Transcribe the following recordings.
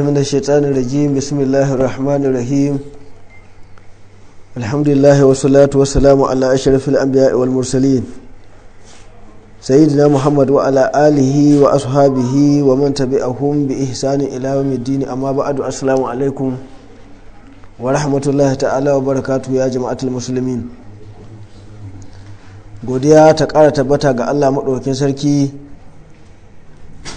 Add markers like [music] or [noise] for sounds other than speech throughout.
من الشيطان الرجيم بسم الله الرحمن الرحيم الحمد لله والصلاة والسلام على أشرف الأنبياء والمرسلين سيدنا محمد وعلى آله وأصحابه ومن تبعهم بإحسان إلى يوم الدين أما بعد السلام عليكم ورحمة الله تعالى وبركاته يا جماعة المسلمين godiya ta ƙara tabbata ga Allah maɗaukakin sarki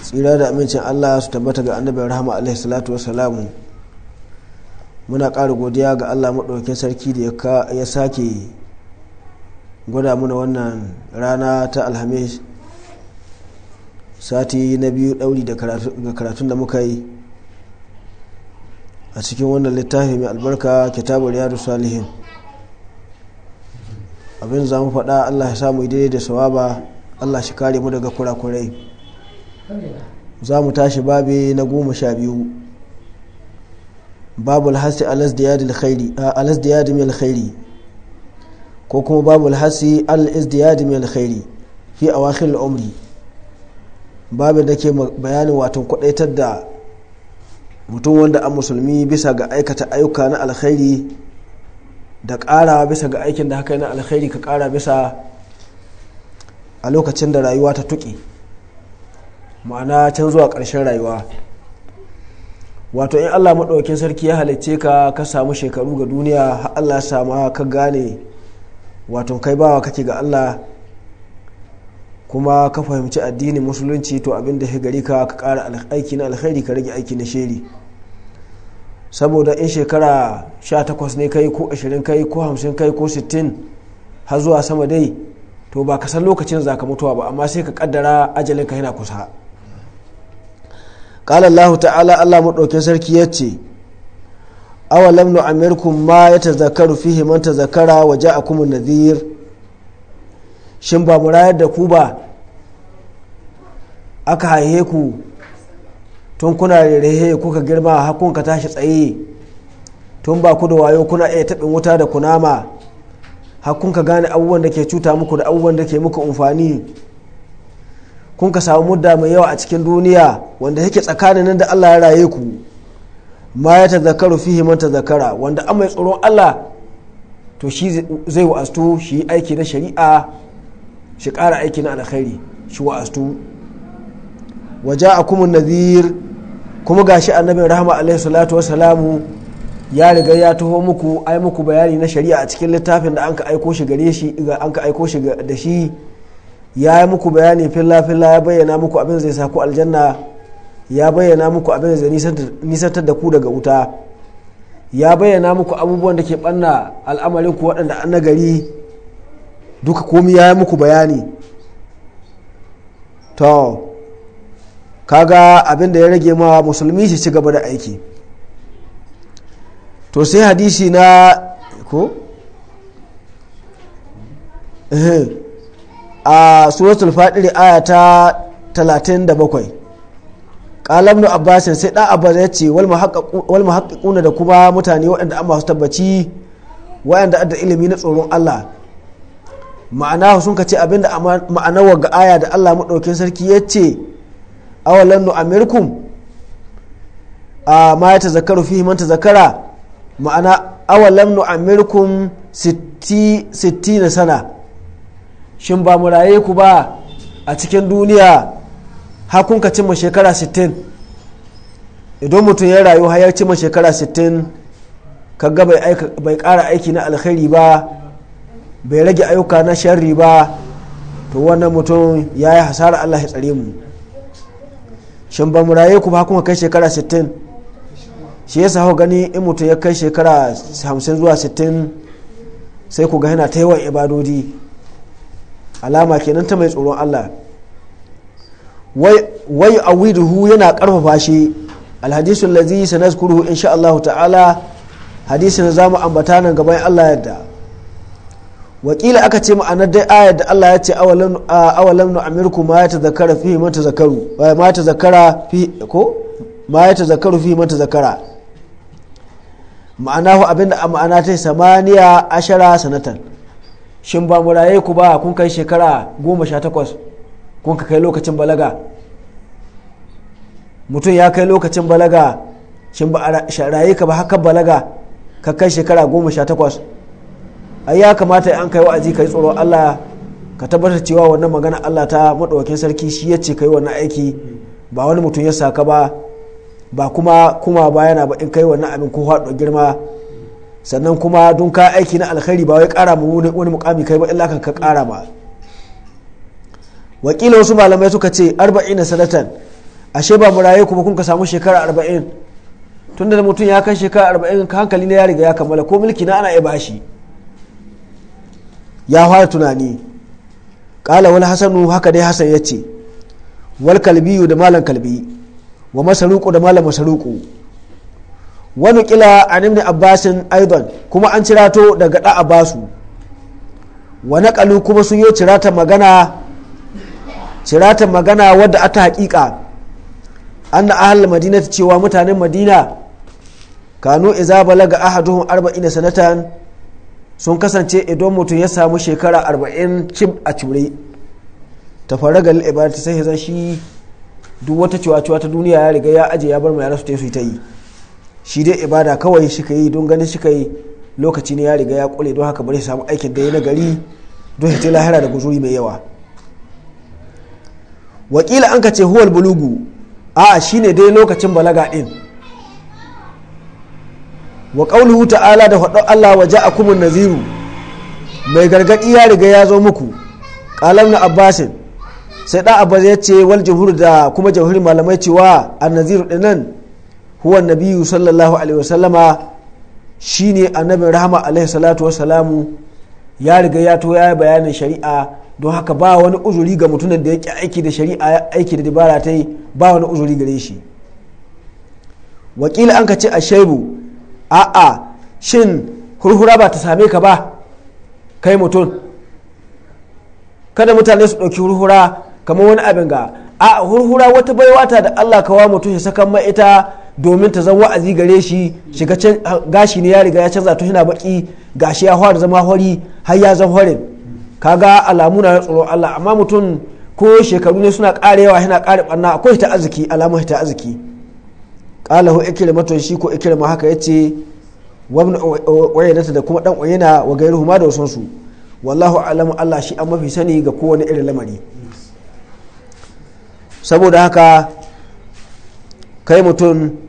tsira da amincin allah su tabbata ga annabin rahama alaihi salatu wasalamu muna ƙara godiya ga allah maɗaukin sarki da ya sake gwada mana wannan rana ta alhamis sati na biyu ɗauri da karatun da muka yi a cikin wannan littafi mai albarka kitabar yadu salihin abin za mu faɗa allah ya samu daidai da sawaba allah shi kare mu daga kurakurai za mu tashi babi na goma sha biyu babu alhassi alasdiyadi mai alkhairi ko kuma babu alhassi alasdiyadi mai alkhairi fi a wakil umri babin da ke bayanin watan kwadaitar da mutum wanda a musulmi bisa ga aikata ayyuka na alkhairi da kara bisa ga aikin da haka na alkhairi ka kara bisa a lokacin da rayuwa ta tuƙi ma'ana can zuwa ƙarshen rayuwa wato in allah maɗaukin sarki ya halicce ka ka samu shekaru ga duniya har allah sama ka gane wato kai bawa kake ga allah kuma ka fahimci addinin musulunci to abin da ya gari ka ka ƙara aiki na alkhairi ka rage aiki na sheri saboda in shekara 18 ne kai ko 20 kai ko 50 kai ko 60 har zuwa sama dai to ba ka san lokacin za ka mutuwa ba amma sai ka kaddara ajalinka yana kusa qala allah ta'ala allah madaukin sarki yace awalam nu'amirkum ma yatazakkaru fihi man tazakkara waje a an Nazir? shin ba mu rayar da ku ba aka haihe ku tun kuna rerehe kuka girma hakun ka tashi tsaye tun ba ku da wayo kuna iya taɓin wuta da kunama hakun ka gane abubuwan da ke cuta muku da abubuwan da ke muku amfani kun ka samu mudda mai yawa a cikin duniya wanda yake tsakanin nan da Allah ya raye ku ma ya tazakaru fihi man tazakara wanda an mai tsoron Allah to shi zai wa'astu shi aiki na shari'a shi ƙara aiki na alkhairi shi wa'astu waja akumun nazir kuma gashi annabin rahama alaihi salatu ya riga ya taho muku ai muku bayani na shari'a a cikin littafin da an ka aiko shi gare shi ka aiko shi da shi ya yi muku bayani filla filla ya bayyana muku abin zai sa aljanna ya bayyana muku abin zai nisantar da ku daga wuta ya bayyana muku abubuwan da ke banna al'amarin ku waɗanda an nagari duka komi ya yi muku bayani to kaga abin da ya rage ma musulmi shi ci gaba da aiki to sai hadisi na ko [laughs] eh, a suratul fadiri aya ta 37 kalam nu abbasin sai da abbas ya ce wal muhaqqiquna da kuma mutane waɗanda an masu tabbaci waɗanda adda ilimi na tsoron Allah ma'ana sun kace abinda ma'ana waga aya da Allah madaukin sarki ya ce awalan nu amirkum a ma ya tazakkaru fi man tazakara ma'ana awalan nu amirkum 60 sana shin ba mu raye ku ba a cikin duniya har kun ka cimma shekara 60 idan mutum ya rayu har ya cimma shekara 60 kaga bai ƙara aiki na alkhairi ba bai rage ayyuka na sharri ba to wannan mutum ya yi hasara allah ya tsare mu shin ba mu raye ku ba kuma kai shekara 60 shi yasa hau gani in mutum ya kai shekara 50 zuwa 60 sai ku ga yana ta yawan ibadodi alama kenan ta mai tsoron Allah wai awiduhu yana karfafa shi alhadisu lazi sanazkuruhu insha Allah ta'ala hadisin za zamu ambata nan gaban Allah yadda wakila aka ce ma'anar dai ayar da Allah ya ce awalam nu amirku ma ya tazakara fi ma tazakaru ma ya tazakara fi ko ma ya tazakaru fi tazakara abinda a ma'ana ta samaniya ashara sanatan shin ba mu raye ku ba kun kai shekara goma sha takwas kun ka kai lokacin balaga mutum ya kai lokacin balaga shin ba raye ka ba haka balaga ka kai shekara goma sha takwas ai ya kamata an kai wa'azi ka yi tsoro. allah ka tabbatar cewa wannan magana allah ta maɗaukin sarki shi ya ce ka yi wannan aiki ba wani mutum ya saka ba ba kuma kuma ba yana ba in kai wannan abin ko haɗo girma sannan kuma don ka aiki na alkhairi ba wai kara mu wani mukami kai ba illa kan ka kara ma wakila wasu malamai suka ce arba'ina sanatan ashe ba mu raye kuma kun ka samu shekara arba'in tunda da mutum ya kai shekara arba'in hankali na ya riga ya kammala ko mulki na ana iya bashi ya fara tunani kala wal hasanu haka dai hasan ya ce wal kalbiyu da malam kalbi wa masaruku da malam masaruku wani kila a nimni abbasin aidon kuma an cirato daga da abbasu wani kalu kuma sun yi cirata magana cirata magana wadda ata hakika na ahal madina cewa mutanen madina kanu iza balaga ahaduhum arba'in sanatan sun kasance idan mutum ya samu shekara arba'in cib a cure ta fara ga ta sai ya shi duk wata cewa ta duniya ya riga ya ajiye ya bar mai rasu yi ta yi shi dai ibada kawai shi ka yi don ganin shi ka yi lokaci ne ya riga ya kule don haka bari samu aikin da ya na gari don ya lahira da guzuri mai yawa wakila an ka ce huwal bulugu a ne dai lokacin balaga din wa qauluhu ta'ala da faɗo Allah wa kumun naziru mai gargadi ya riga ya zo muku qalan na abbasin sai da abbas ya ce wal da kuma jumhur malamai cewa a naziru dinan huwa nabiyu sallallahu alaihi wasallama shine annabin rahama alaihi salatu wasalamu ya riga ya to ya yi bayanin shari'a don haka ba wani uzuri ga mutumin da yake aiki da shari'a aiki da dabara ta yi ba wani uzuri gare shi wakila an ka ce a shaibu a'a shin hurhura ba ta same ka ba kai mutum kada mutane su ɗauki hurhura kamar wani abin ga a hurhura wata baiwata da allah kawa mutum ya sakan ma ita domin ta zama wa'azi gare shi shiga gashi ne ya riga ya canza tun yana baki gashi ya fara zama hori har ya zama horin kaga alamu na tsoron Allah amma mutum ko shekaru ne suna karewa yawa yana kare barna akwai ta arziki alamu ta arziki qala hu ikrimatu shi ko ikrima haka yace wabn ibn da kuma dan uyayna wa gairu ma da wasansu. wallahu alamu Allah shi an mafi sani ga kowane irin lamari saboda haka kai mutum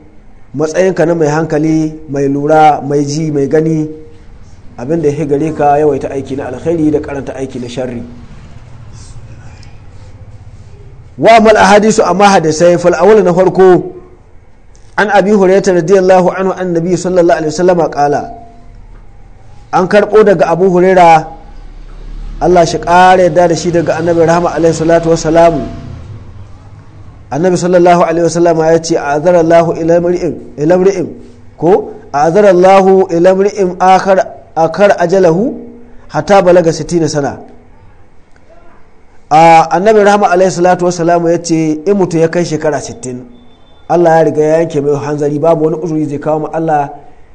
matsayinka na mai hankali mai lura mai ji mai gani abin da ya gare ka yawaita aiki na alkhairi da karanta aiki na sharri wa mal ahadisu amma hadisai fal awwal na farko an abi hurairah radiyallahu anhu annabi sallallahu alaihi wasallam qala an karbo daga abu huraira Allah shi kare da shi daga annabi rahama alaihi salatu wassalamu annabi sallallahu alaihi wasallama ya ce a'azarallahu lahu mar'in ko a'azarallahu ila mar'in a akar ajalahu hata balaga 60 sana annabi rahama alaihi salatu wasallama ya ce in mutu ya kai shekara 60 Allah ya riga ya yanke mai hanzari babu wani uzuri zai kawo ma Allah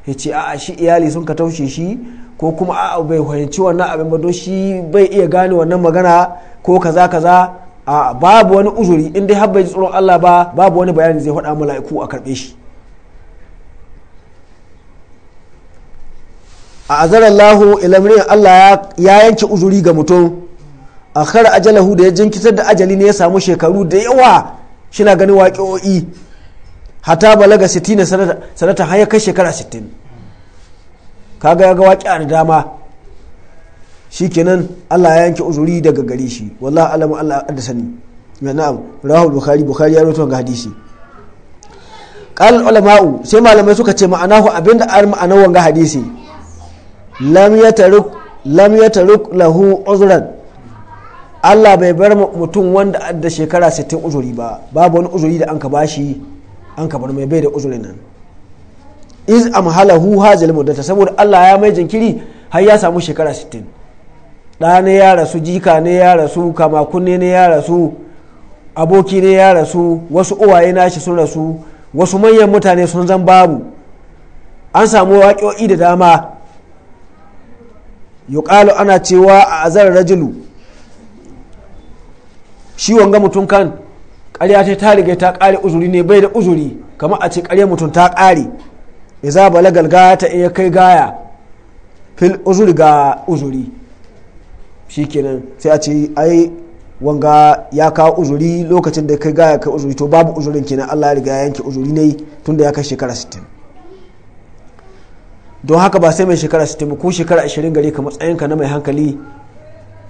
ya ce a'a shi iyali sun ka taushe shi ko kuma a'a bai fahimci wannan abin ba don shi bai iya gane wannan magana ko kaza kaza a babu wani uzuri in dai habbai tsoron Allah ba babu wani bayani zai faɗa mala'iku a karɓe shi a azarallahu ilamrin Allah ya yanke uzuri ga mutum a kar ajalahu da ya jinkitar da ajali ne ya samu shekaru da yawa shi na ganin waƙio'i hata balaga 60 sanata har ya kai shekara 60 kaga ya ga waƙi da dama shikenan Allah ya yanke uzuri daga gare shi wallahi alamu Allah da sani na'am rahul bukhari bukhari ya rawaito ga hadisi qal ulama'u sai malamai suka ce ma'anahu abinda al ma'anar wanga hadisi lam yataruk lam yataruk lahu uzran Allah bai bar mutum wanda adda shekara 60 uzuri ba babu wani uzuri da an ka bashi an ka bar mai bai da uzurin nan iz amhalahu hazal muddata saboda Allah ya mai jinkiri har ya samu shekara 60 ɗa ne ya rasu jika ne ya rasu kama kunne ne ya rasu aboki ne ya rasu wasu uwaye nashi sun rasu wasu manyan mutane sun zan babu an samu waƙoƙi da dama yuqalu ana cewa a azar rajulu shi wanga mutum kan ƙarya ta ta riga ta ƙare uzuri ne bai da uzuri kamar a ce ƙarya mutum ta ƙare ya za balagal gaya ta iya kai gaya fil uzuri ga uzuri shikenan sai a ce ai wanga ya kawo uzuri lokacin da kai ga kai uzuri to babu uzurin kenan Allah ya riga ya yanke uzuri ne tunda ya kai shekara 60 don haka ba sai mai shekara 60 ko shekara 20 gare ka matsayinka na mai hankali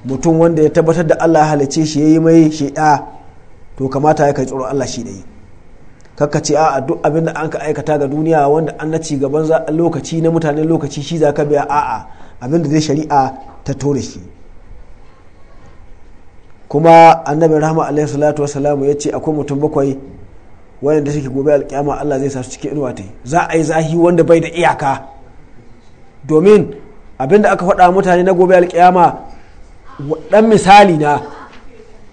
mutum wanda ya tabbatar da Allah ya halice shi ya yi mai shi'a to kamata ya kai tsoron Allah shi dai kakka ce a duk abinda an ka aikata ga duniya wanda an na ci gaban lokaci na mutane lokaci shi za ka biya a'a abinda da zai shari'a ta tore shi kuma annabi rahama alaihi salatu salam ya ce akwai mutum bakwai wanda suke gobe alkiyama Allah zai sa su cikin inuwa ta za a yi zahi wanda bai da iyaka domin abinda aka faɗa mutane na gobe alkiyama dan misali na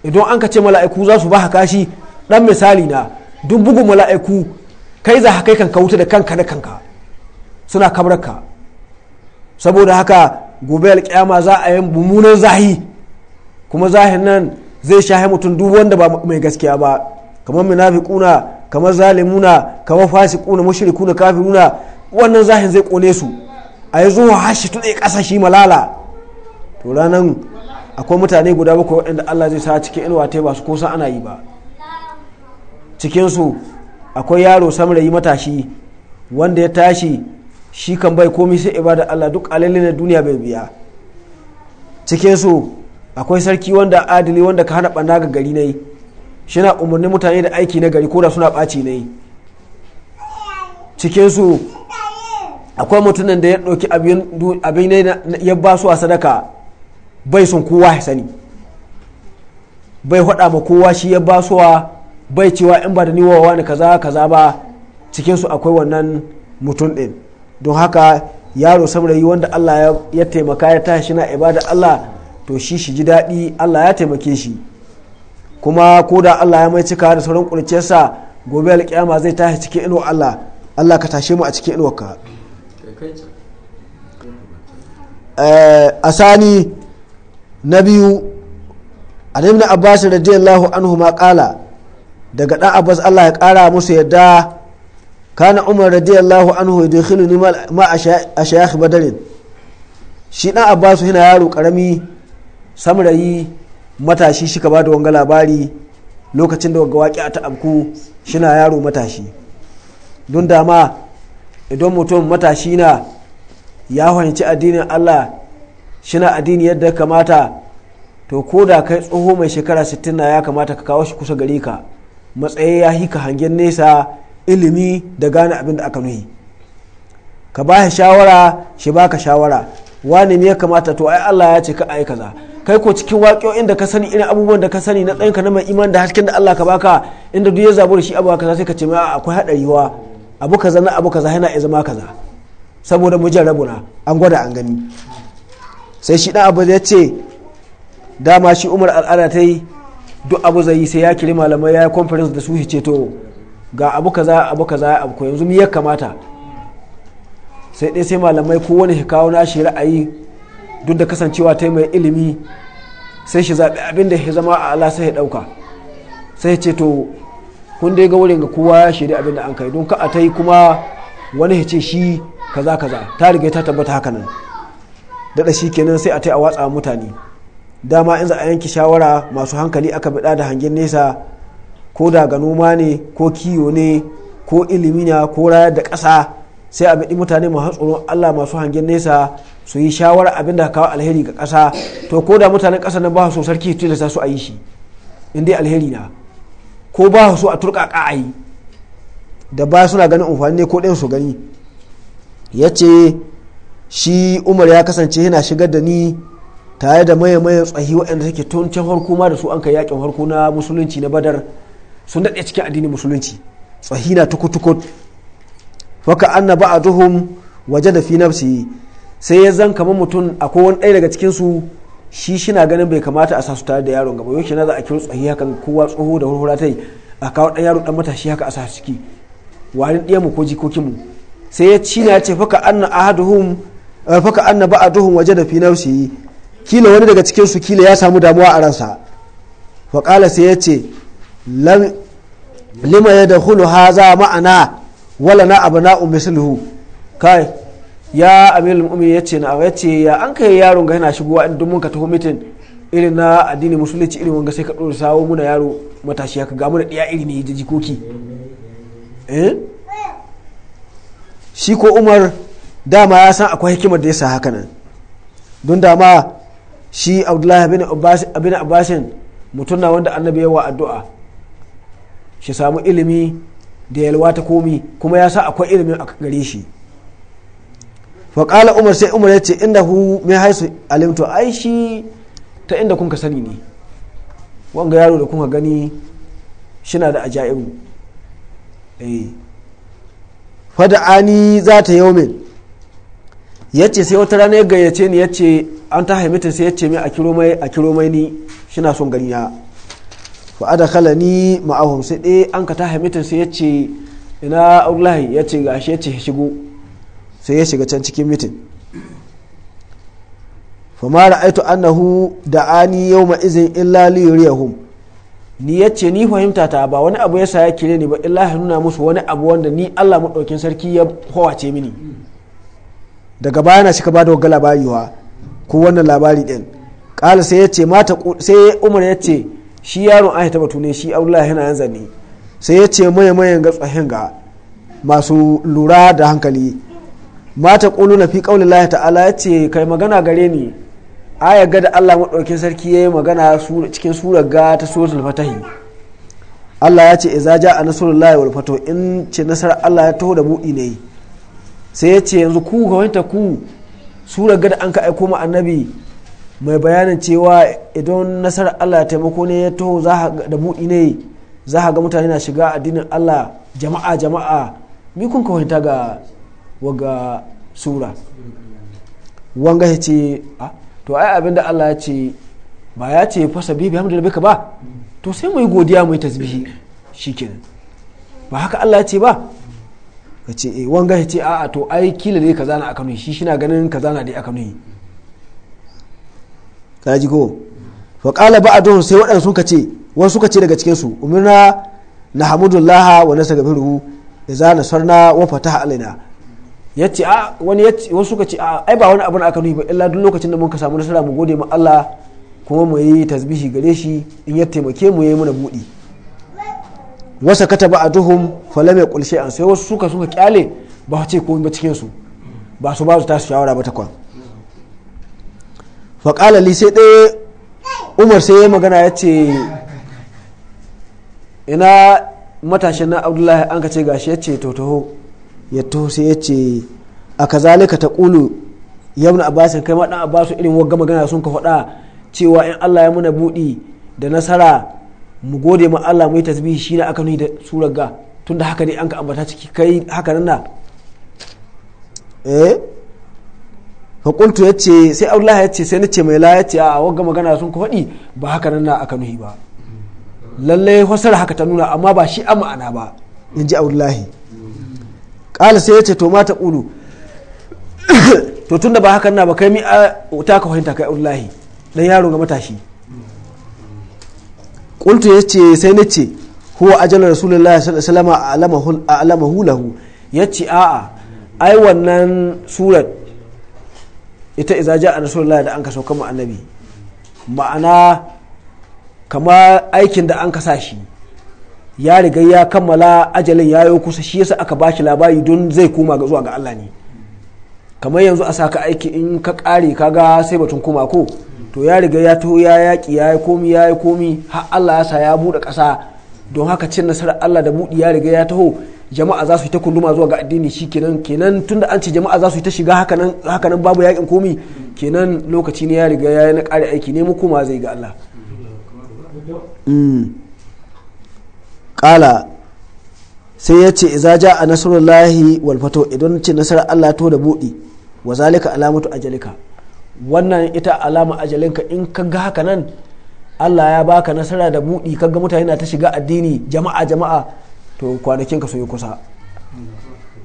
idan an ka ce mala'iku za su ba haka shi dan misali na duk bugun mala'iku kai za kai kanka wuta da kanka da kanka suna kamar ka saboda haka gobe alkiyama za a yi mummunan zahi kuma zahirin nan zai shahe mutum duk wanda ba mai gaskiya ba kamar munafiquna kamar zalimuna kamar fasiquna mushrikuna kafiruna wannan zahin zai kone su a yi zuwa hashi tuɗe ƙasa shi malala to ranan akwai mutane guda bakwai waɗanda Allah zai sa cikin inuwa ta ba su kosa ana yi ba cikinsu akwai yaro samrayi matashi wanda ya tashi shi kan bai komi sai ibada Allah duk alalin na duniya bai biya cikinsu akwai sarki wanda adali wanda ka hana ɓanna ga gari na yi shi na umarnin mutane da aiki na gari ko da suna ɓaci na yi cikinsu akwai mutumin da ya ɗauki abin ne ya ba su a sadaka bai sun kowa ya sani bai haɗa ma kowa shi ya ba su bai cewa in ba da niwa wani kaza kaza ba cikinsu akwai wannan mutum din don haka yaro saurayi wanda allah ya taimaka ya tashi na ibada allah to shi shi ji daɗi Allah ya taimake shi kuma ko da Allah ya mai cika da sauran ƙurciyarsa gobe alƙiyama zai tashi cikin inuwar Allah Allah ka tashe mu a cikin inuwarka eh, a sani na biyu an ibn abbas radiyallahu anhu ma kala daga dan abbas Allah ya kara musu yadda kana umar radiyallahu anhu ya yadkhiluni ma a ashayakh badarin shi dan abbas yana yaro karami samrayi matashi shi ka ba da wanga labari lokacin da wanga waƙi a ta'abku shina yaro matashi don dama idan mutum matashi na ya fahimci addinin allah shina addini yadda kamata to ko da kai tsoho mai shekara 60 na ya kamata ka kawo shi kusa gare ka matsayi ya hika hangen nesa ilimi da gane abin da aka nuhi ka ba shawara shi baka shawara wani ne ya kamata to ai allah ya ce ka ai kaza kai ko cikin waƙoƙin da ka sani irin abubuwan da ka sani na tsayinka na mai iman da hasken da Allah ka baka inda duk ya zabu da shi abu kaza sai ka ce a akwai hadari wa abu kaza na abu kaza yana ya kaza saboda mujarrabuna an gwada an gani sai shi dan abu ya ce dama shi Umar al'ada ta yi duk abu zai yi sai ya kiri malamai ya yi conference da su hice to ga abu kaza abu kaza abu ko yanzu mu ya kamata sai dai sai malamai ko wani shi kawo shi ra'ayi duk da kasancewa ta mai ilimi sai shi zaɓi abin da ya zama a ala sai ya ɗauka sai ce to kun dai ga wurin ga kowa ya shirya abin da an kai don ka a ta yi kuma wani ya ce shi kaza kaza ta riga ta tabbata haka nan daɗa shi kenan sai a ta yi a watsa mutane dama in za a yanke shawara masu hankali aka biɗa da hangen nesa ko da ga noma ne ko kiyo ne ko ilimi ne ko rayar da ƙasa sai a biɗi mutane masu tsoron Allah masu hangen nesa su yi shawara abin da kawo alheri ga ƙasa to ko da mutanen ƙasa nan ba su sarki su tilasta su a yi shi in dai alheri na ko ba su a turƙaƙa a yi da ba suna ganin umfani ne ko ɗayan su gani ya ce shi umar ya kasance yana shigar da ni tare da maye maye tsahi waɗanda suke tun can farko ma da su an kai yakin farko na musulunci na badar sun daɗe cikin addinin musulunci tsahi na tukutukut faka anna waje da fi nafsi sai ya zan kamar mutum a wani ɗaya daga cikin su shi shina ganin bai kamata a sa su tare da yaron gaba yau na za a kiro tsohi hakan kowa tsoho da hurhura ta yi a kawo ɗan yaro ɗan matashi haka a sa su ciki warin mu ko jikokinmu sai ya ci na ce faka anna ahaduhum eh, faka anna ba'aduhum waje da fi nafsi kila wani daga cikin su kila ya samu damuwa a ransa fa sai ya ce lima ha haza ma'ana wala na abu na'u misluhu kai ya amir mu'min yace na na'am ya ya an kai yaron ga yana shigowa in mun ka taho mitin irin na addini musulunci irin wanga sai ka ɗora sawo muna yaro matashi ya ka mu da ɗiya iri ne da jikoki eh? shi ko umar dama ya san akwai hikimar da ya sa haka nan don dama shi abdullahi abin abbasin mutum na wanda annabi yawa addu'a shi samu ilimi da yalwa ta komi kuma ya sa akwai ilimin a gare shi faƙala umar sai umar ya ce inda hu mai haisu alimtu ai shi ta inda kun ka sani ne wanga yaro da kuka gani shina da ajaibu eh. fada ani za ta yaumin ya ce sai wata rana ya gayyace ni ya ce an ta haimita sai ya ce mai a kiromai mai a kiro mai ni shina son gani ya fa adkhalani ma'ahum sai dai an ka tahe mitin sai yace ina Abdullahi yace gashi yace shigo sai ya shiga can cikin mitin fa ma ra'aitu annahu da'ani yawma izin illa li yuriyahum ni yace ni fahimta ta ba wani abu yasa ya kire ni ba illa ya nuna musu wani abu wanda ni Allah madaukin sarki ya kowace mini daga baya na shi ka ba da labari wa ko wannan labari din kala sai yace mata sai Umar yace shi yaron an ta batu ne shi abdullahi yana yan zane sai ya ce maye mayan ga tsohin ga masu lura da hankali mata kulu na fi ƙaunin lahi ta'ala ya ce kai magana gare ni aya ga da allah maɗaukin sarki ya yi magana cikin surar ga ta suratul fatahi allah ya ce iza ja a lahi wal fato in ce nasarar allah ya taho da buɗi ne sai ya ce yanzu ku ga ta ku surar gada an ka aiko ma annabi mai bayanin cewa idan nasarar Allah ya taimako ne ya taho da buɗi ne za ga mutane na shiga addinin Allah jama'a jama'a mi kun kawaita ga waga sura wanga ya ce ah, to ai abin da Allah ya ce ba ya ce fasa bi bihamdu da ba to sai mu yi godiya mu yi tasbihi shikenan ba haka Allah ya ce ba ka ce eh, wanga ya ce a'a to ai kila dai kazana na aka shi shi na ganin kazana dai aka nuyi ka ji ko fa qala ba'dhum sai waɗansu suka ce wasu suka ce daga cikin su umirna laha wa za idza nasarna wa fataha alaina yace a wani yace wasu suka ce a ai ba wani abu aka nufi ba illa duk lokacin da mun ka samu nasara mu gode ma Allah kuma mu yi tasbihi gare shi in ya taimake mu yi mana budi wasa kata ba a duhun falam ya kulshe an sai wasu suka suka kyale ba ce komai ba cikin su ba su ba su ta shawara ba ta kwan faƙala li sai ɗaya umar sai ya magana ya ce ina matashin na abdullahi an ka ce gashi ya ce totoho ya toho sai ya ce a kazalika ta ƙulu yamna abbasin kai ma a abbasu irin wagga magana sun ka faɗa cewa in allah ya muna buɗi da nasara mu gode ma allah muyi tasbi tasbihi shi na aka nuni da surar ga da haka ne an ka ambata ciki kai haka nan na eh? hukuntu ya ce sai Allah ya ce sai na ce mai la ya ce a wagga magana sun ku faɗi ba haka nan na aka nuhi ba lallai wasar haka ta nuna amma ba shi a ma'ana ba in ji Abdullahi ƙala sai ya ce to mata ƙulu [coughs] to tunda ba haka na ba kai mi a ta ka fahimta kai Abdullahi dan yaro ga matashi ƙultu ya ce sai na ce huwa ajalar rasulullahi sallallahu alaihi wasallam a alamahu lahu ya ce a'a ai wannan surat ita iza ja a rasulullah da an kaso kama annabi ma'ana kama aikin da an kasa shi ya riga ya kammala ajalin ya yi kusa shi yasa aka bashi labari don zai koma zuwa ga Allah ne kamar yanzu a saka aiki in ka kare ka ga sai batun koma ko to ya riga ya taho ya yaƙi ya yi komi ya yi komi har Allah ya sa ya buɗe ƙasa don haka cin nasarar Allah da buɗi ya riga ya taho jama'a za su yi ta kulluma zuwa ga addini shi kenan kenan tunda an ce jama'a za su yi ta shiga hakanan nan babu yakin komi kenan lokaci ne ya riga ya yi na kare aiki ne mu kuma zai ga Allah mm. kala sai ya ce iza ja a nasarullahi wal fato idan ce nasarar Allah to da buɗi wa zalika alamatu ajalika wannan ita alama ajalinka in ka ga haka nan Allah ya baka nasara da buɗi kaga mutane na ta shiga addini jama'a jama'a to kwanakin ka sun yi kusa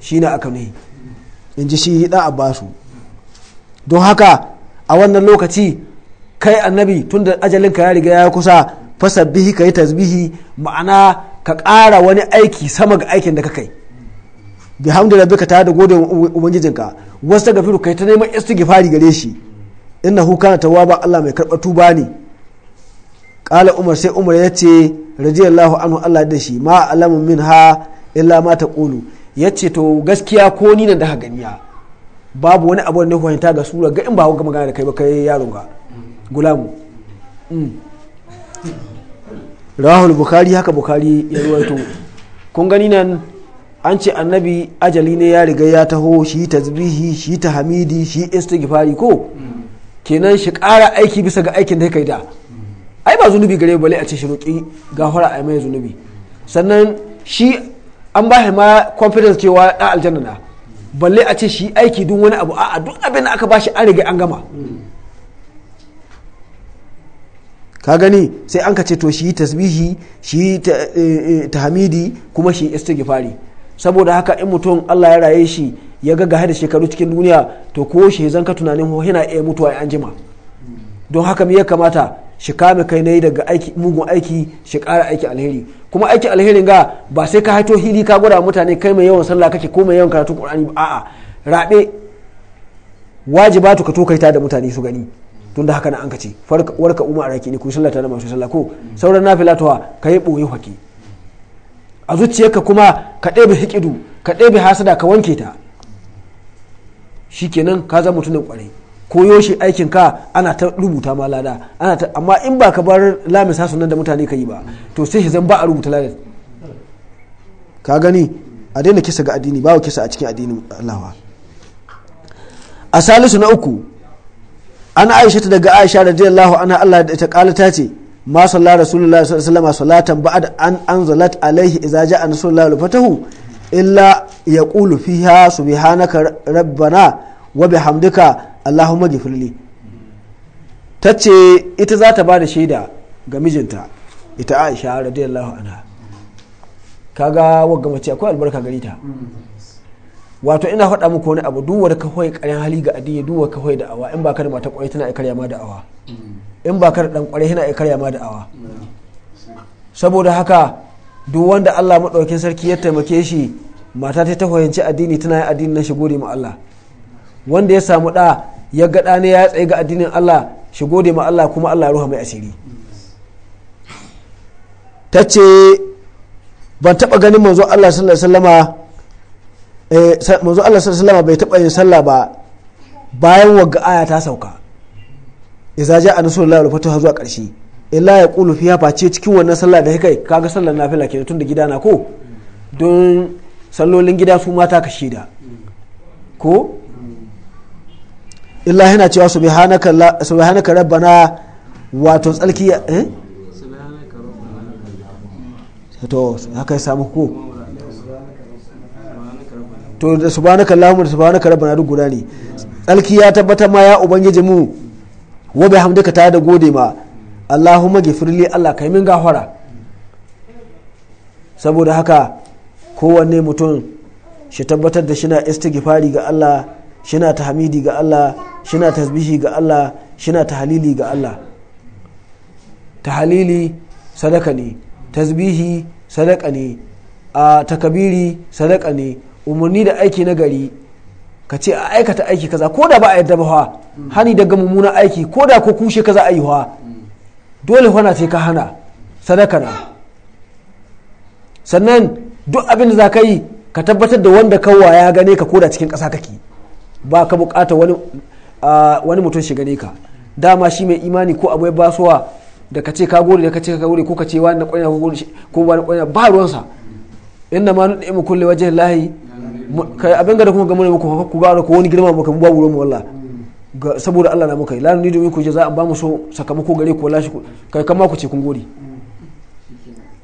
shi na aka ne in ji shi da abbasu don haka a wannan lokaci kai annabi tun da ajalinka ya riga ya kusa fasabbihi ka yi tasbihi ma'ana ka ƙara wani aiki sama ga aikin da ka kai bi hamdu tare tare da gode ubangijinka wasu ta gafiru kai ta neman gifari gare shi hukana kana ba Allah mai karɓar tuba ne ƙala umar sai umar ya ce radiyallahu anhu Allah da shi ma alamun min ha illa ma ta ya ce to gaskiya ko ni nan da ganiya babu wani abu da na fahimta ga sura ga in ba ga magana da kai ba kai yaron ga gulamu mm. rahul bukari haka bukari ya ruwaito kun gani nan an ce annabi ajali ne ya riga ya taho shi ta tasbihi shi ta hamidi shi istigifari ko mm. kenan shi ƙara aiki bisa ga aikin da ya kai da ai ba zunubi gare bale a ce shi roƙi gafara a mai zunubi sannan shi an ba shi ma confidence cewa ɗan aljanna na balle a ce shi aiki duk wani abu a duk abin da aka ba shi an rage an gama ka gani sai an ka ce to shi tasbihi shi eh, eh, tahmidi kuma shi istighfari saboda haka in mutum Allah ya raye shi ya ga gahe da shekaru cikin duniya to ko shi zan ka tunanin ho yana iya mutuwa an jima don haka me ya kamata shi kame kai yi daga aiki mugun aiki shi kara aiki alheri kuma aiki alherin ga ba sai ka haito hili ka gwada mutane kai mai yawan sallah kake ko mai yawan karatu qur'ani ba a'a rabe wajibatu ka to kai ta da mutane su gani tun da haka na an kace warka umar raki ne ku sallah ta da masu sallah ko sauran nafila tawa ka yi boye hake a ka kuma ka ɗebe hikidu ka ɗebe hasada ka wanke ta shi shikenan ka zama mutumin kwarai koyo shi aikin ka ana ta rubuta ma lada ana ta amma in ba ka bar lamis hasu nan da mutane ka yi ba to sai shi zan ba a rubuta lada ka gani a daina kisa ga addini ba kisa a cikin addini Allah a salisu na uku ana aisha ta daga aisha radiyallahu anha Allah da ita kala ta ce ma sallah rasulullahi sallallahu alaihi salatan ba'ad an anzalat alaihi idza ja'a rasulullahi fatahu illa yaqulu fiha subhanaka rabbana wa bihamdika Allahumma gifirli ta ce ita za ta ba da shaida ga mijinta ita Aisha radiyallahu anha kaga wagga mace akwai albarka gari ta wato ina faɗa muku wani abu duwar wanda ka hali ga addini duwar wanda ka hoye da'awa in ba ka da mata kwarai tana karya ma da'awa in ba ka da dan kwarai tana karya ma da'awa saboda haka duk wanda Allah maɗaukin sarki ya taimake shi mata ta hoyanci addini tana yin addini na shigori mu Allah wanda ya samu da ya ga ɗane ya tsaye ga addinin Allah shi gode ma Allah kuma Allah ruha mai asiri ta ce ban taɓa ganin eh, manzo Allah sallallahu alaihi wasallama bai taɓa yin sallah ba bayan wagga aya ta sauka idza ja nasrullahi wal fatahu zuwa ƙarshe illa ya qulu fiha face cikin wannan sallah da kai kaga sallar nafila kenan tun da gidana ko don sallolin gida su mata ka shida ko illa yana cewa subhanaka rabbana wato tsalki eh to haka ya samu ko to da subhanaka allahumma da subhanaka rabbana duk guda ne tsalki ya tabbatar ma ya ubangiji mu wa bai hamdaka ta da gode ma allahumma gifirli allah kai min gafara saboda haka kowanne mutum shi tabbatar da shi na istighfari ga allah shina ta tahmidi ga Allah shina tasbihi ga Allah shina tahlili ga Allah tahlili sadaka ne tasbihi sadaka ne a takabiri sadaka ne umarni da aiki na gari ka ce a aikata aiki kaza ko da ba a yadda ba hani daga mummuna aiki ko da ko kushe kaza a yi dole hana sai ka hana sadaka na sannan duk abin da za ka yi ka tabbatar da wanda kawwa ya gane ka koda cikin ƙasa kake ba ka bukata wani mutum shi gare ka dama shi mai imani ko abu ya basuwa da ka ce ka gori da ka ce ka gori ko ka ce wani na kwanya ko ko wani kwanya ba ruwansa inna ma nudi mu kulle wajen lahi kai abin ga da kuma gamar muku ku ba ko wani girma muka ba wurin mu wala saboda Allah na muka yi lanu domin ku je za a ba mu so sakamako gare ku wallahi kai kama ku ce kun gori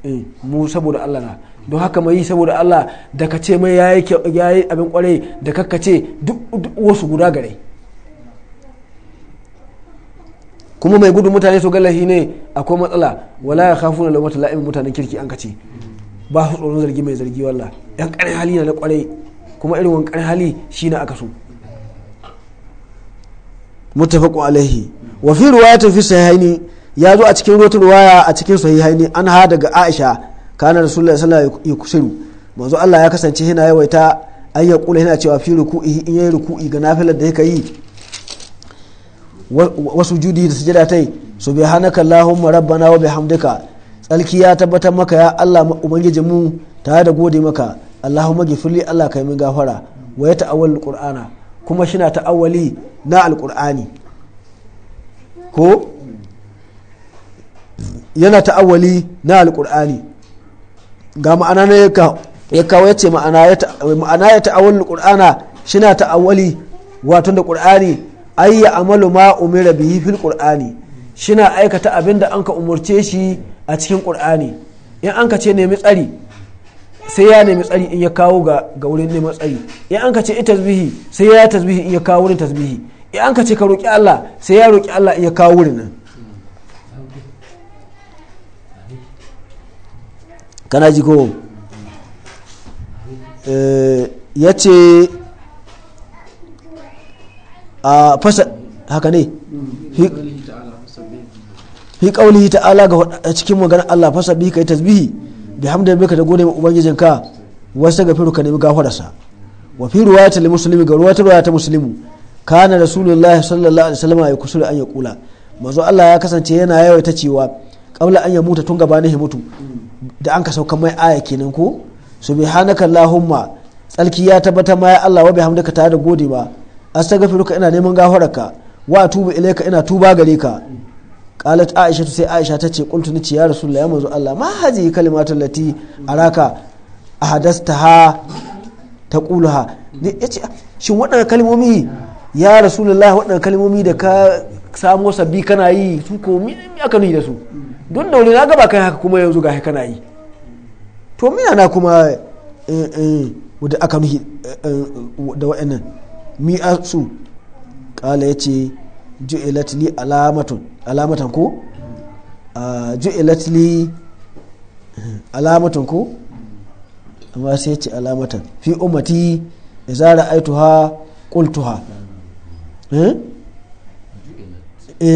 eh, mu saboda Allah na don haka mai yi saboda Allah da ka ce mai ya yi abin kwarai da kakka ce duk wasu guda gare kuma mai gudun mutane su galahi ne akwai matsala wala ya kafu na lamata la'im mutanen kirki an kace ba su tsoron zargi mai zargi wallah yan kare hali na kwarai kuma irin wani hali shi na aka so muttafaqu alaihi wa fi riwayatin fi sahihaini ya zo a cikin ruwaya a cikin sahihaini an ha daga Aisha kana rasulullahi sallallahu alaihi kusuru manzo Allah ya kasance yana yawaita an kula yana cewa fi ruku'i in yayi ruku'i ga nafilar da yake yi wasu judi da sujada tai subhanaka allahumma rabbana wa bihamdika tsalki ya tabbatar maka ya Allah ubangiji mu tare da gode maka allahumma gifirli Allah kai min gafara wa ya ta'awwal qur'ana kuma shina ta'awwali na alqur'ani ko yana ta'awali na alkur'ani ga ma'ana na ya kawo ya ce ma'ana ya ta'awalin qur'ana shi na ta'awali wato da qur'ani ayya ya amalu ma umira bihi fil qur'ani shi na aikata abin da an ka umarce shi a cikin qur'ani in an ka ce nemi tsari sai ya nemi tsari in ya kawo ga wurin neman tsari in an ka ce tasbihi sai ya tasbihi in ya kawo wurin tasbihi in an ka ce ka roki Allah sai ya roki Allah in ya kawo wurin nan kana ji ko eh, ya ce a fasa haka ne fi kaulihi ta'ala ga cikin magana Allah fasa bi kai tasbihi bi hamdan bika da gode ma ubangijin ka wasu ga firu ka nemi gafararsa wa fi ruwayata lil muslimi ga ruwayata ruwayata muslimu kana rasulullahi sallallahu alaihi wasallam ya kusura an ya kula manzo Allah ya kasance yana yawaita cewa qabla an ya mutu tun gabanin ya mutu da an ka sauka mai aya kenan ko subhanaka allahumma tsarki ya tabbata ma ya Allah wa bi hamdaka tare da gode ba astaghfiruka ina neman gafararka wa tubu ilaika ina tuba gare ka qalat aisha sai aisha tace qultu ni ya rasulullah ya manzo Allah ma hazi kalimatu lati araka ahadastaha taqulaha yace shin waɗannan kalmomi ya rasulullah waɗannan kalmomi da ka samo sabbi kana yi su ko me aka nuni da su don da wani na gaba kai haka kuma yanzu ga kana yi to mina na kuma eh, eh, wadda aka mihi eh, da wa'annan mi a su kala ya ce ju'ilat li alamatun alamatan ko ah, ju'ilat li alamatan ko amma sai ya ce alamatan fi ummati idza ra'aituha qultuha eh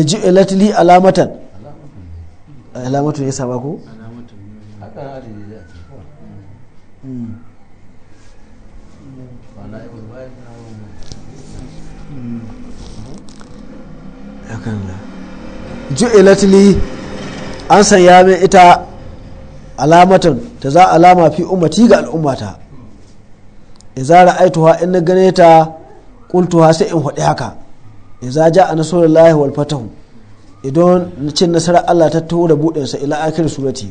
ju'ilat li alamatan alamatun ya saba ko hmm. hmm. ju'ilat li an sanya min ita alamatan ta za alama fi ummati ga al'ummata za ra'aituha in na gane ta qultuha sai in haɗi haka za ja a nasarar lahiwar fatahu idan cin nasarar Allah ta tura budinsa ila akhir surati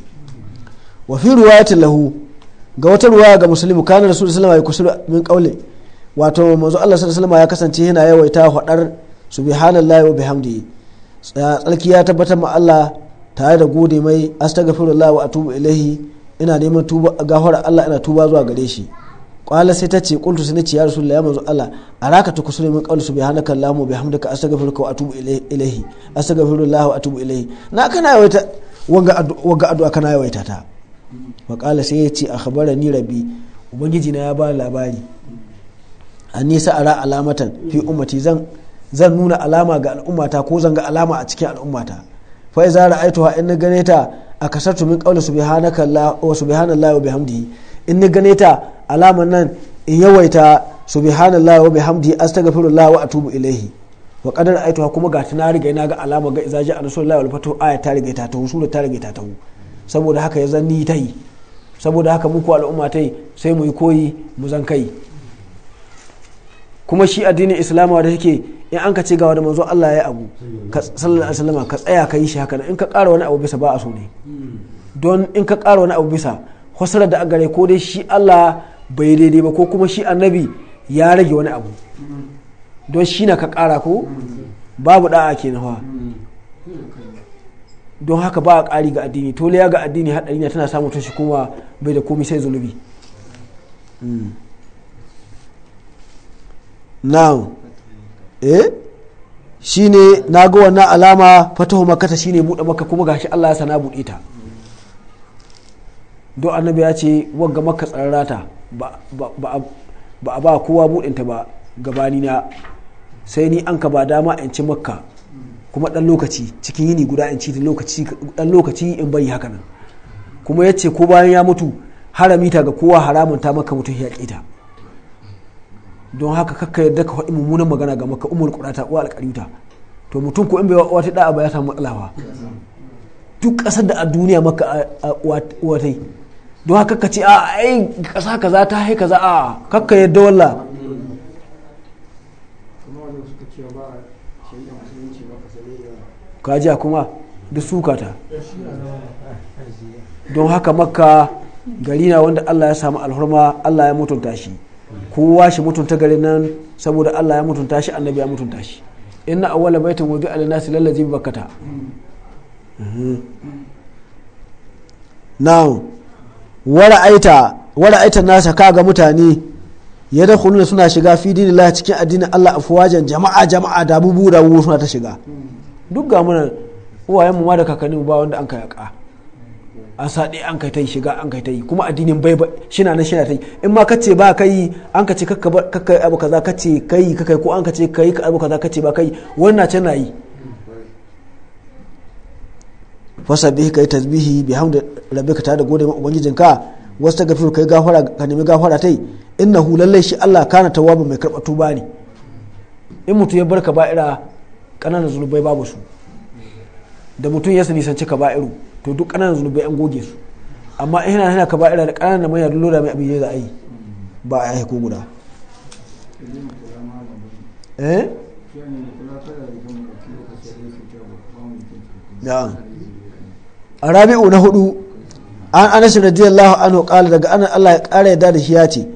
wa fi riwayatin lahu ga wata ruwa ga musulmi kana rasul sallallahu alaihi wasallam min qawli wato manzo Allah sallallahu alaihi ya kasance yana yawaita hadar subhanallahi wa bihamdihi tsarki ya tabbatar ma Allah tare da gode mai astaghfirullah wa atubu ilaihi ina neman tuba gafara Allah ina tuba zuwa gare shi kwala sai ta ce qultu sai nace ya la ya manzo Allah araka ta kusure min qawli subhanaka allahumma bihamdika astaghfiruka wa atubu ilayhi astaghfirullah wa atubu ilayhi na kana yawaita wanga wanga addu'a kana yawaita ta wa qala sai ya ce akhbarani rabbi ubangiji na ya ba labari anisa ara alamatan fi ummati zan zan nuna alama ga al'ummata ko zan ga alama a cikin al'ummata fa iza ra'aituha in na gane ta akasartu min qawli subhanaka allah wa subhanallahi wa bihamdihi in na gane ta alaman nan in yawaita subhanallahi wa bihamdi astaghfirullah wa atubu ilaihi wa qadar kuma ga tana riga ina ga alama ga izaji an sallallahu alaihi fatu aya ta riga ta tawo sura ta riga ta tawo saboda haka ya zanni ta saboda haka muku al'umma ta yi sai mu yi koyi mu zan kai kuma shi addinin islama da yake in an ka ce ga wani manzo Allah ya abu ka sallallahu alaihi wasallam ka tsaya ka yi shi haka in ka ƙara wani abu bisa ba a so ne don in ka ƙara wani abu bisa husrar da a ko dai shi Allah bai daidai ba ko kuma shi annabi ya rage wani abu don shi na ka kara ko babu da'a ke nawa don haka ba a kari ga addini ya ga addini haɗari na tana samun toshe kuma bai da komai sai zunubi now eh ne na ga wannan alama fatahu makata ne buɗe maka kuma gashi Allah ya sana buɗe ta don annabi ya ce wagga maka tsararata ba a ba kowa buɗinta ba gabani na sai ni an ka ba dama in ci makka kuma ɗan lokaci cikin yini guda in ci ɗan lokaci in bari haka nan kuma ya ce ko bayan ya mutu haramita ga kowa haramun ta maka mutum ya ƙita don haka kakka yadda ka faɗi mummunan magana ga maka umar kurata uwa alƙarita to mutum ko in bai wata da'a ba ya samu matsala duk ƙasar da a duniya maka watai don haka ka ce a ai kasa kaza ta haika kaza a kakka yadda walla kajiya kuma duk ta don haka makka gari na wanda Allah ya samu alhurma Allah ya mutunta shi kowa shi mutunta gari nan saboda Allah ya mutunta shi annabi ya mutunta shi inna awwala baitin wajen alinas lallazi bi bakata mm. mm-hmm. na. wara'aita nasa kaga mutane ya da kuluna suna shiga fi dinillahi cikin addinin Allah afwajan jama'a jama'a da bubu da bubu suna ta shiga duk ga muna uwayen mu ma da kakanni ba wanda an kai ka an saɗe an kai ta yi shiga an kai ta yi kuma addinin bai shina nan shina ta yi in ma kace ba kai an kace kakka abu kaza kace kai kakai ko an kace kai abu kaza kace ba kai wannan can na yi fasabbih kai tasbihi hamdi rabbika ta da gode ma ubangijinka wasu gafiru kai gafara ka nemi gafara tai innahu lallai shi Allah kana tawwabu mai karba tuba ne in mutum ya ba ira kananan zunubai babu su da mutum ya sani sanci iru to duk kananan zunubai an goge su amma in yana ira da kananan da manyan lura mai abin da za a yi ba a yi ko guda eh yeah. rabi'u na hudu an anas radiyallahu anhu qala daga anan Allah ya kara yadda da shi ya ce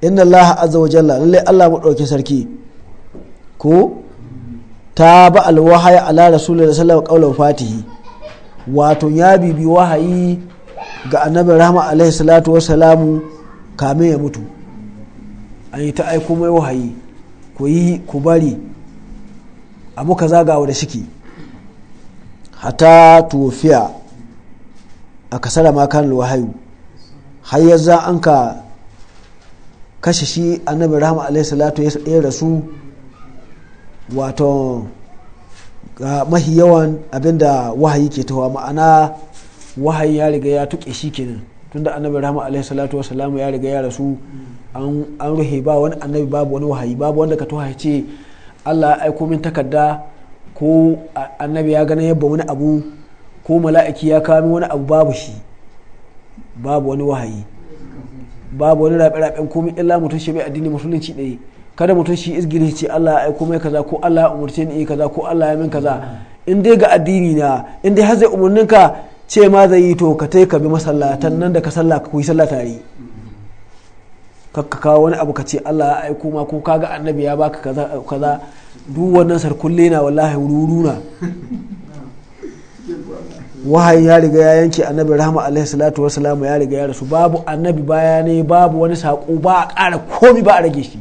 inna Allah azza wa jalla lalle Allah mu dauke sarki ko ta ba alwahayi ala rasulullahi sallallahu alaihi wasallam fatihi wato ya bibi wahayi ga annabi rahma alaihi salatu kamin ya mutu an yi ta aiko mai wahayi ku yi ku bari a muka zagawa da shiki hata tufiya a kasara ma kan wahayu har yanzu an ka kashe shi annabi rahama alaihi salatu ya rasu wato mahi yawan abinda wahayi ke tawa ma'ana wahayi ya riga ya tuke shi kenan tunda annabi rahama alaihi salatu wa salamu ya riga ya rasu an ruhe ba wani annabi babu wani wahayi babu wanda ka tuha ce Allah ya aiko min takarda ko annabi ya gani yabba wani abu ko mala'iki ya kawo wani abu babu shi babu wani wahayi babu wani rabe-raben komai illa mutum shi bai addini musulunci ɗaya kada mutum shi izgiri ce Allah ya aiko mai kaza ko Allah ya umarce ni kaza ko Allah ya min kaza in dai ga addini na in dai har zai umarnin ka ce ma zai yi to ka tai ka bi masallatan nan da ka sallah ka yi sallah tare ka kawo wani abu ka ce Allah ya aiko ma ko kaga annabi ya baka kaza kaza duk wannan sarkulle na wallahi wururuna wahayi ya riga ya yanke annabi rahama alaihi salatu salam ya riga ya rasu babu annabi baya ne babu wani sako ba a ƙara komi ba a rage shi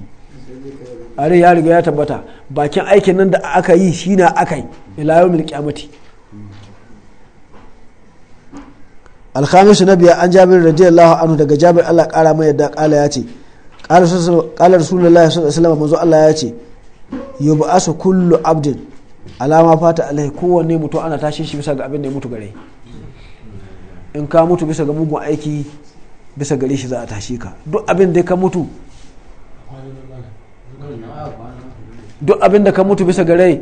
are ya riga ya tabbata bakin aikin nan da aka yi shi na aka yi ila mil qiyamati alkhamisu na biya an jabir radiyallahu anhu daga jabir Allah ƙara mai yadda ƙala ya ce ƙala rasulullahi sallallahu alaihi wasallam manzo Allah ya ce yub'asu kullu abdin alama fata alai kowanne mutu ana tashe shi bisa ga abin da ya mutu gare in ka mutu bisa ga mugun aiki bisa gare shi za a tashe ka duk abin da ka mutu duk abin da ka mutu bisa gare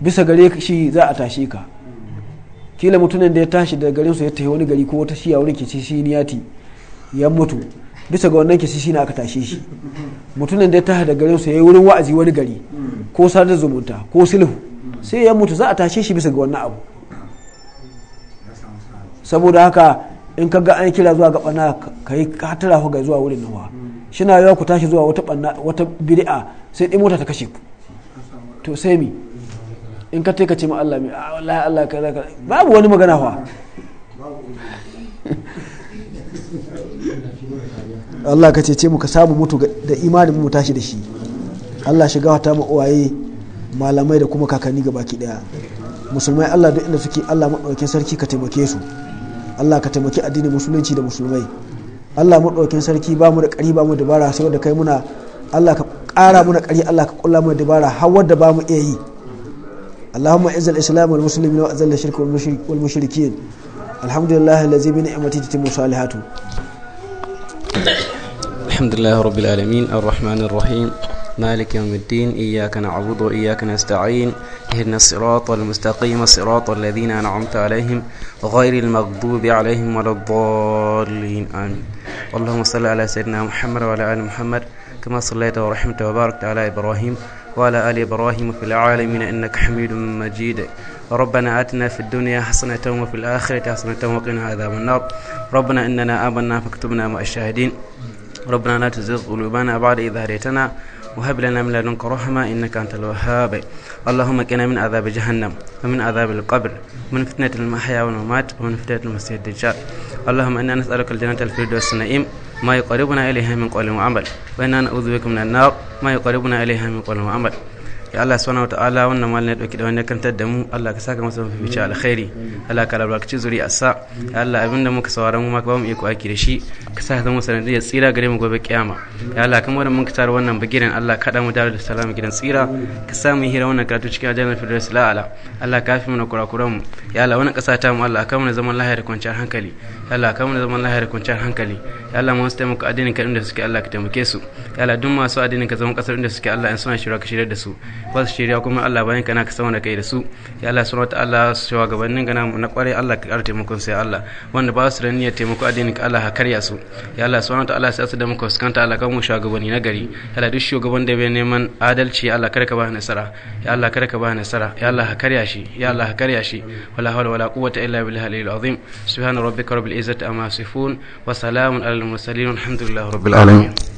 bisa gare shi za a tashe ka kila mutunan da ya tashi daga garin su ya tafi wani gari ko wata shiya wurin ke shi niyati ya mutu bisa ga wannan kisi shine aka tashe shi mutunan da ya tashi daga garin su ya yi wurin wa'azi wani gari ko sadar zumunta ko sulhu sai ya mutu za a tashe shi bisa ga wannan abu saboda haka in ka ga an kira zuwa ga ɓanna ka yi katara ga zuwa wurin nawa shi na yawa ku tashi zuwa wata ɓanna wata bid'a sai ɗin mota ta kashe ku to sai mi in ka ka ce ma Allah mi ah, wallahi Allah ka zaka babu wani magana wa Allah ka ce ce mu ka samu mutu da imanin mu tashi da shi Allah shiga ta mu uwaye malamai da kuma kakanni baki daya musulmai Allah duk inda suke Allah maɗaukin sarki ka taimake su Allah ka taimake addini musulunci da musulmai Allah maɗaukin sarki ba mu da ƙari ba mu dabara sai da kai muna Allah ka ƙara muna ƙari Allah ka ƙulla muna dabara har da ba mu iya yi Allahumma izzal islam wal muslimin wa azal shirk wal mushrikin alhamdulillah allazi bi ni'mati tatimmu salihatu alhamdulillah rabbil alamin arrahmanir rahim مالك يوم الدين إياك نعبد وإياك نستعين اهدنا الصراط المستقيم صراط الذين أنعمت عليهم غير المغضوب عليهم ولا الضالين آمين اللهم صل على سيدنا محمد وعلى آل محمد كما صليت ورحمت وباركت على إبراهيم وعلى آل إبراهيم في العالمين إنك حميد مجيد ربنا آتنا في الدنيا حسنة وفي الآخرة حسنة وقنا عذاب النار ربنا إننا آمنا فاكتبنا مع الشاهدين ربنا لا تزغ قلوبنا بعد إذ هديتنا وهب لنا من لدنك رحمة إنك أنت الوهاب اللهم كنا من عذاب جهنم ومن عذاب القبر ومن فتنة المحيا والممات ومن فتنة المسيح الدجال اللهم إنا نسألك الجنة الفردوس النعيم ما يقربنا إليها من قول وعمل وإنا نعوذ بك من النار ما يقربنا إليها من قول وعمل ya Allah subhanahu wataala wannan malam ya dauki da wani da mu Allah ka saka masa mafifici alkhairi Allah ka albarkaci zuri'arsa sa ya Allah abinda muka saurara mu ka ba mu iko da shi ka sa tsira gare mu gobe kiyama ya Allah kamar mun ka tara wannan bagiren Allah ka da mu da salama gidan tsira ka sa mu hira wannan karatu cikin aljannar firdaus la'ala Allah ka fi mana kurakuran mu ya Allah wannan kasa ta mu Allah ka mu zaman lahiya da kwanciyar hankali ya Allah ka mu zaman lahiya da kwanciyar hankali ya Allah masu taimaka addinin ka inda suke Allah ka taimake su ya Allah duk masu addinin ka zaman kasar inda suke Allah in suna shirya ka shirya da su ba su shirya kuma Allah bayan ka na ka sama da kai da su ya Allah subhanahu allah su shawa gabanin ga na kware Allah ka karta taimakon sai Allah wanda ba su da niyyar taimako addinin ka Allah ha karya su ya Allah ta allah sai su da muka fuskanta Allah kan mu shugabanni na gari ya Allah duk shugaban da bai neman adalci Allah kar ka ba nasara ya Allah kar ka ba nasara ya Allah ha karya shi ya Allah ha karya shi wala hawla wala quwwata illa billahi al-azim subhana rabbika rabbil izzati amma yasifun wa salamun المرسلين والحمد لله رب العالمين